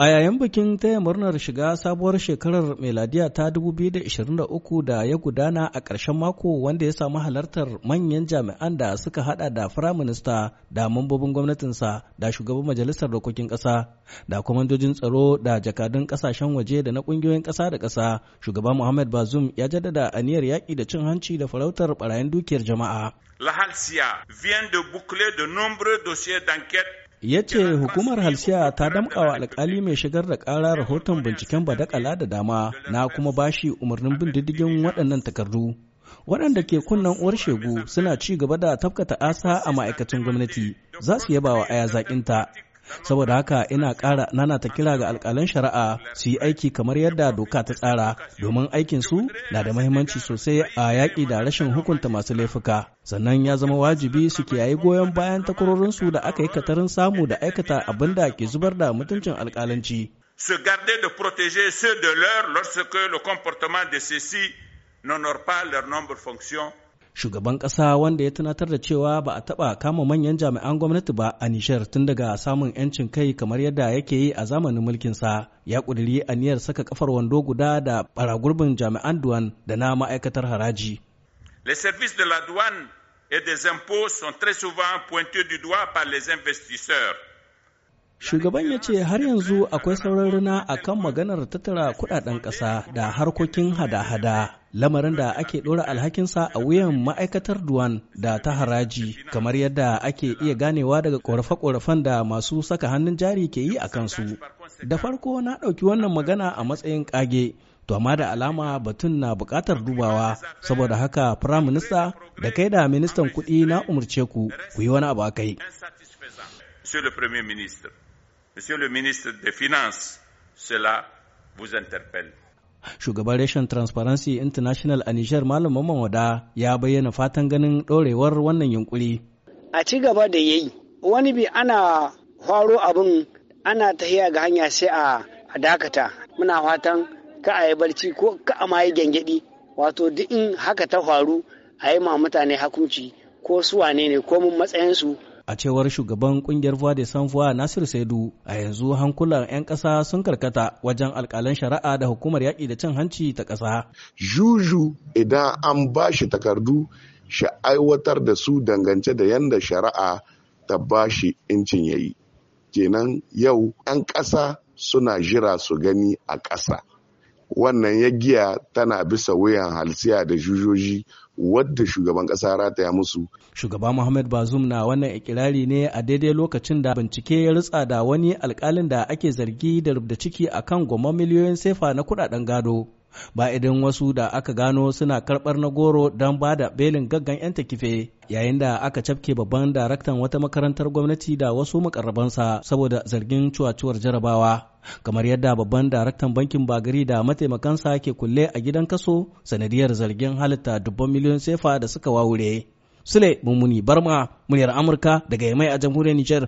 A yayin bikin taya murnar shiga sabuwar shekarar meladiya ta 2023 da ya gudana a ƙarshen mako wanda ya samu halartar manyan jami'an da suka hada da firaminista da mambobin gwamnatinsa da shugaban majalisar dokokin ƙasa da kwamandojin tsaro da jakadun ƙasashen waje da na ƙungiyoyin ƙasa da ƙasa shugaba Muhammad Bazoum ya jaddada aniyar yaƙi da cin hanci da farautar barayin dukiyar jama'a. La Halsia vient de boucler de nombreux dossiers d'enquête ya ce hukumar halsiya ta wa alkali mai shigar da ƙara rahoton binciken badakala da dama na kuma bashi umarnin bin diddigin waɗannan takardu waɗanda ke kunnen uwar shegu suna ci gaba da tafkata asa a ma'aikacin gwamnati za su yaba wa aya zaƙinta saboda haka ina ƙara ta kira ga alƙalan shari'a su yi aiki kamar yadda doka ta tsara domin aikin su na da mahimmanci sosai a yaƙi da rashin hukunta masu laifuka sannan ya zama wajibi su kiyaye goyon bayan takwarorin su da aka yi katarin samu da aikata abin da ke zubar da mutuncin alƙalanci. su garder de protéger ceux de l'heure lorsque le comportement de ceux-ci n'honore pas leur noble fonction shugaban ƙasa wanda ya tunatar da cewa ba a taɓa kama manyan jami'an gwamnati ba a nishar tun daga samun 'yancin kai kamar yadda yake yi a zamanin mulkinsa ya ƙudiri aniyar saka kafar wando guda da baragurbin jami'an duwan da na ma'aikatar haraji. Les services de la douane par les shugaban ya ce har yanzu akwai sauran runa akan maganar tattara kudaden ƙasa da harkokin hada-hada lamarin da ake ɗora alhakinsa a wuyan ma'aikatar duwan da ta haraji kamar yadda ake iya ganewa daga ƙorafe-ƙorafen da masu saka hannun jari ke yi a kansu da farko na ɗauki wannan magana a matsayin ƙage to amma da alama batun na buƙatar dubawa saboda haka firayim minista da kai da ministan kuɗi na umarce ku ku yi wani abu a kai Monsieur le Premier ministre, Monsieur le ministre des shugaban reshen transparency international a nijar malam mamman wada ya bayyana fatan ganin ɗorewar wannan yunkuri a ci gaba da yayi wani bi ana faro abin ana tahiya ga hanya sai a dakata muna fatan ka a yi barci ko ka a ma gyangyaɗi wato duk in haka ta faru a yi ma mutane hakunci ko su wane ne ko matsayinsu A cewar shugaban kungiyar Voix de Nasiru Saidu, a yanzu hankulan 'yan ƙasa sun karkata wajen alƙalan shari'a da hukumar yaƙi da cin hanci ta ƙasa. Juju idan an ba shi takardu shi aiwatar da su dangance da yadda shari'a ta ba shi incin yayi. Kenan yau 'yan ƙasa suna jira su gani a ƙasa. wannan ya giya tana bisa wuyan halsiya da jujoji wadda shugaban kasa rataya musu. Shugaba Muhammad Bazum na wannan ikirari ne a daidai lokacin da bincike ya rutsa da wani alkalin da ake zargi da rubda ciki a kan goma miliyoyin sefa na kudaden gado. Ba idan wasu da aka gano suna karɓar na goro don ba da belin gaggan 'yan takife yayin da aka cafke babban daraktan wata makarantar gwamnati da wasu makarrabansa saboda zargin cuwacuwar jarabawa. kamar yadda babban daraktan bankin bagari da mataimakansa ke kulle a gidan kaso sanadiyar zargin halitta dubban miliyon sefa da suka wawure. Sule Mummuni Barma, muryar Amurka daga Yamai a jamhuriyar Nijar.